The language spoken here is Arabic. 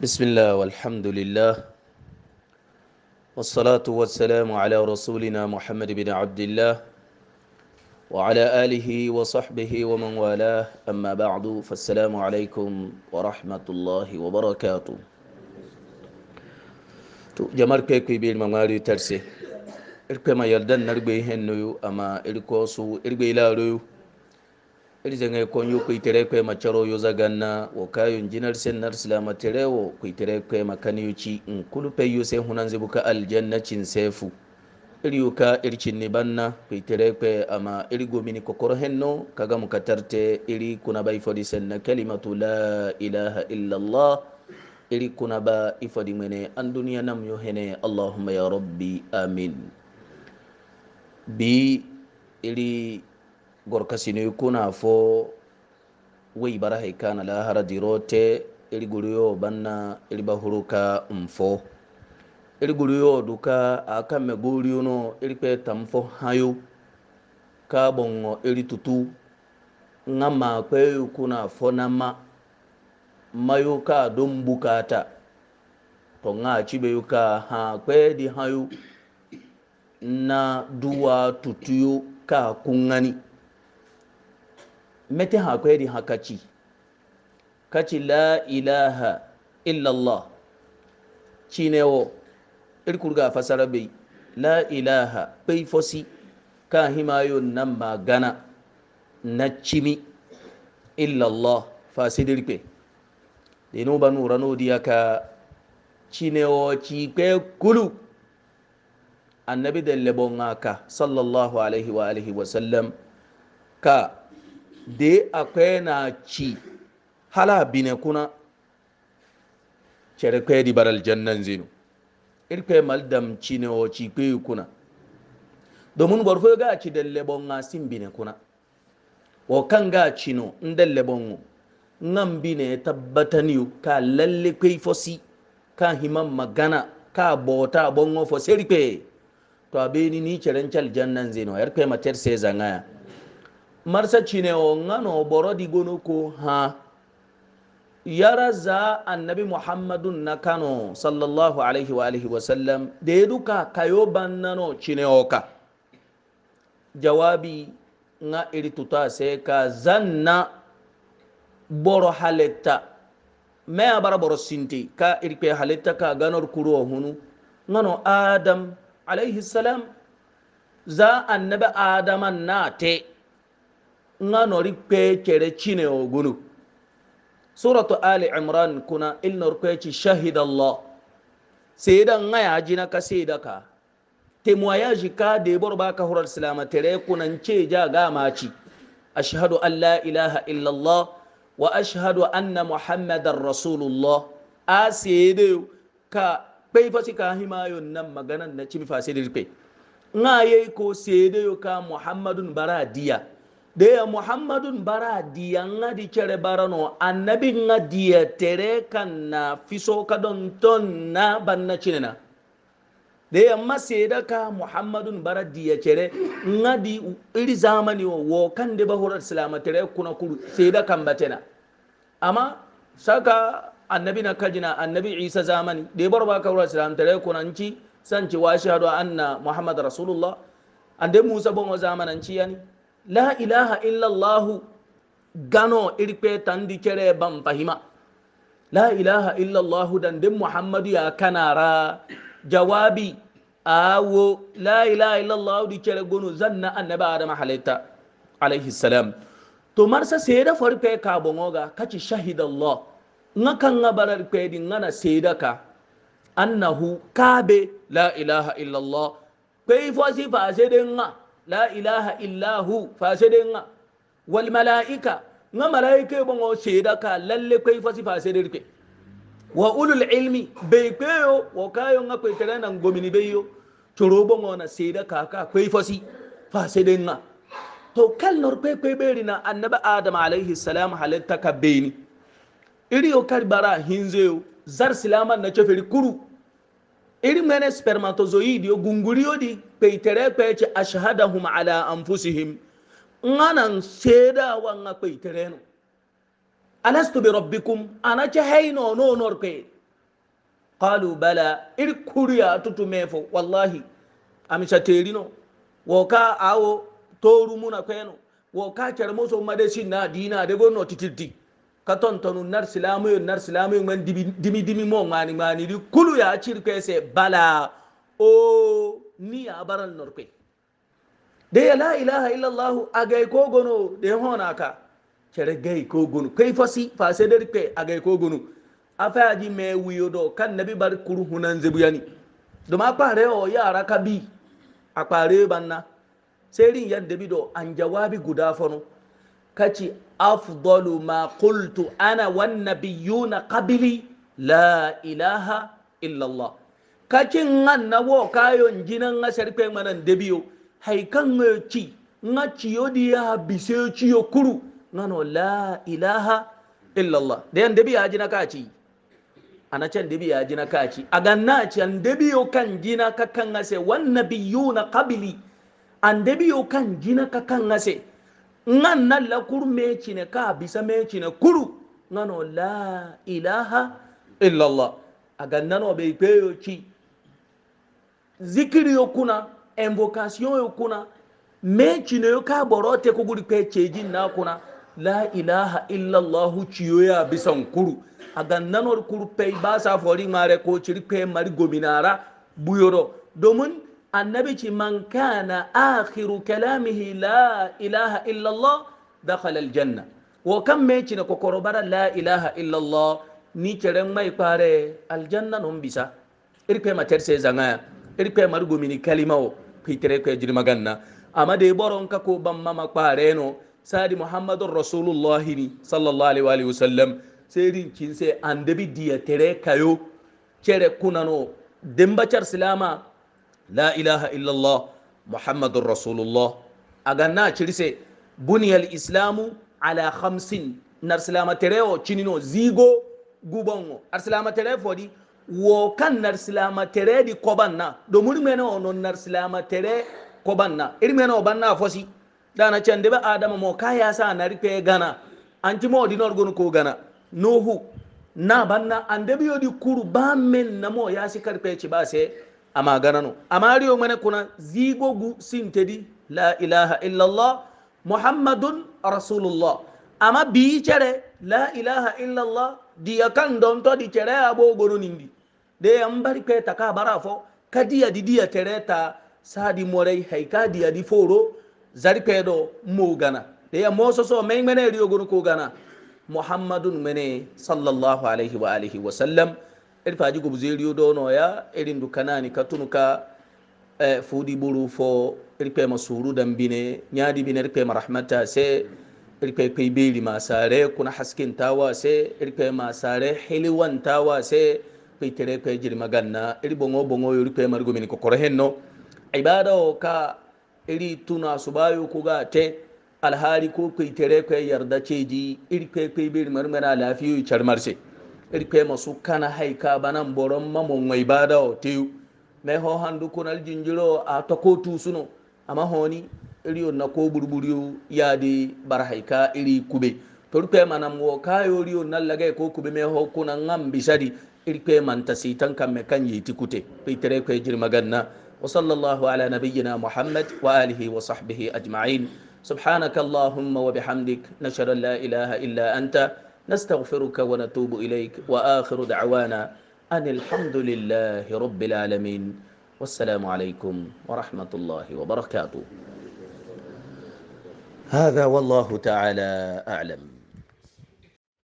بسم الله والحمد لله والصلاة والسلام على رسولنا محمد بن عبد الله وعلى آله وصحبه ومن والاه أما بعد فالسلام عليكم ورحمة الله وبركاته to jamar kwe kwe bil mamari tarse irkwe ma yardan nargwe hennu ama irko su irgwe irizeŋe konyo kuitere kwema caro yoza ganna wokayo njinar sen nar silama terewo kuitere kwema kaniyo ci nkulu peyo se aljanna cin sefu iriyo banna kuitere kwe ama iri kokoro henno kaga mukatarte kuna ba kalimatu la ilaha illa allah kuna ba ifodi mene an duniya hene allahumma ya rabbi amin bi iri ne kuna fo wai bara haika na lahara dirote iri banna iri bahuruka mfo iri guriyo duka akamme guriyuno iri kweta tamfo hayo ka bongo iri tutu nga ma kweyu kuna fo Ma mayo ka don bukata to nga cibeyu ka ha kwedi hayo na duwa tutuyo ka kungani mete ha ko yedi ha kaci kaci la ilaha illallah cinewo irkurga fasara bai la ilaha bai fosi ka himayo nan magana na cimi illallah fasidirpe da inu ba nura nodiya ka cinewo cikwe kulu annabi da lebon aka sallallahu alaihi wa alihi wasallam ka de akwe na ci hala bine kuna cere kwe di baral jannan zinu irkwe maldam ci ne o ci kwe kuna domin gwarfo ga ci lebon bon sin bine kuna o kan ga ci no ndalle lebon mu nan bine tabbatani ka lalle kwe fosi ka himan magana ka bota bon ofo serikwe to abeni ni ceren cal jannan zinu irkwe mater sai zangaya marsa cinewo ngano boro digono ko ha yara za annabi muhammadun na kano sallallahu alaihi wa alihi wasallam da ya duka kayo bannano cinewo ka jawabi nga iri tuta sai ka zanna boro halitta maya bara boro sinti ka iri kwe halitta ka ganar kuro hunu ngano adam alaihi salam za annabi adaman na te nga nori kpe kere chine ogunu suratu ali imran kuna il nor kpe ci shahida allah seeda nga ya jina ka seeda ka témoignage ka debor ba ka hurar silama tere kuna ce ja ga maci an la ilaha illallah wa ashhadu anna muhammadan rasulullah a seede ka kpey fasi ka himayo nan maganan na cimi fasedir pe nga yey ko yo ka muhammadun bara de ya muhammadun bara diya nga di cere barano annabi nga diya tere kanna fiso ka don ton na banna cinena de ya maseda ka muhammadun bara diya cere nga di iri zamani wo wo kan de bahura salama tere kuna kuru seda kan batena amma saka annabi na kajina annabi isa zamani de barba ka wura salama tere kuna nci sanci wa shahadu anna muhammad rasulullah ande musa bon zamananci yani la ilaha illallahu gano irpe tandi kere ban fahima la ilaha illallahu dan din muhammadu ya kanara jawabi awo la ilaha illallahu di kere gono zanna annabi adam halitta alaihi salam to marsa seda farpe ka bongoga kaci shahidallah nga kan nga barar pedi nga na seda ka annahu kabe la ilaha illallah kwe fo sifa sede nga la ilaha illahu fasede nga wal malaika nga malaika bongo seda ka lalle kwe fasi fasede rike wa ulul ilmi bai kweyo wa kayo nga kwe tere nan gomini beyo choro bongo na seda ka ka kwe fasi fasede nga to kal nor kwe kwe beri na annaba adam alaihi salam halatta ka iri o kar bara hinzeyo zar silama na cheferi kuru iri mene spermatozoidi gunguriodi peitere pece ashhadahum ala anfusihim nganan seedawa nga peitereno alastu birabbikum anace hayno nonorpe qalu bala iri kuriya tutumefo wallahi amisaterino woka awo torumuna kweno woka cermoso made sinna dina de gonno katon tonu nar silamu yo nar silamu yo man dimi dimi mo ngani ngani di kulu ya cirke se bala o ni ya baral norpe de la ilaha illa allah agay ko gono de hona ka cere gay ko gono kai fasi fa se der pe agay ko gono afa ji me wiyo do kan nabi bar kuru hunan zebuyani do ma pare o yara ka bi apare banna serin yadda bi an jawabi guda fono kace afdalu ma qultu ana wan nabiyuna qabli la ilaha illallah kakin ngan na wo kayo jinan nga serpe manan debiyo hay kan ci nga ciyo diya bise ciyo kuru ngano la ilaha illallah da yan debiya jina kaci ana can debiya jina kaci a ganna can debiyo kan jina kakan ngase wan nabiyuna qabli an debiyo kan jina kakan ngase nga na la kuru ne ka bisa ne kuru nga la ilaha illallah aga nano be ipe yo chi zikiri yo invocation yo kuna ne yo ka borote ko guri cheji na kuna la ilaha illallah ciyo ya bisan kuru aga nano kuru pe ba sa fori mare ko chiri pe mari gominara buyoro domin النبي من كان آخر كلامه لا إله إلا الله دخل الجنة وكم ميتنا كوكوربارا لا إله إلا الله نيتشرن ما يقاري الجنة نوم بيسا ما ترسي زنايا إركوه ما رغو مني كلمة بيتريكوه جرم غنى أما دي بورون كاكو بمما ما سادي محمد رسول الله صلى الله عليه وآله وسلم سيدين كنسي أندبي دي تريكايو تريكونا نو دمبا چر la ilaha illallah muhammadun rasulullah aganna cirise buniyal islamu ala hamsin narsilama tereo cinino zigo gubongo arsilama tere fodi wo kan narsilama tere di kobanna domin mene ono narsilama tere kobanna iri mene o banna fosi dana cende ba adama mo kaya sa na ripe gana anti mo di norgon ko gana nuhu na banna ande biyo di kuru ba men na mo ya sikar pe ci ba se amaganano amari omwene kuna gu sintedi la ilaha illallah muhammadun rasulullah ama bi cere la ilaha illallah diya kan donto di cere abo goro nindi de yan bari taka bara fo kadiya di dia tere sadi morei haika diya di foro zari pe do mo gana de ya mo so men mene riyo goro ko gana muhammadun mene sallallahu alaihi wa alihi wa sallam eri faji gubzeriyo donoya eri ndu kanani katunuka eh, fudi buru fo eri kpema suru dambine ñadi bine eri kpema rahmata se eri kpe kpei beri masare kuna haskintawa se eri kpe masare hiliwantawa se kai tere kai jirima ganna iri bongo bongo yori kpe marigomini kokoro henno ibada o ka iri tuna subayo kuga te alhali ko kai tere kai yarda ceji eri kpe kpei beri marigomina lafiyo charmarse irkwe masu kana haika banan boron mamon mai bada o teyu mai ho handu kunal jinjiro a ta kotu suno amma honi iri na ko burburiyo ya di bar haika iri kube turkwe manam wo kayo riyo nan lagai ko kube mai ho kuna ngam bisadi irkwe man tasitan kan me kan yiti kute pitere kwe jirmaganna وصلى الله على نبينا محمد وآله وصحبه أجمعين سبحانك اللهم وبحمدك نشر لا إله إلا أنت نستغفرك ونتوب إليك وآخر دعوانا أن الحمد لله رب العالمين والسلام عليكم ورحمة الله وبركاته هذا والله تعالى أعلم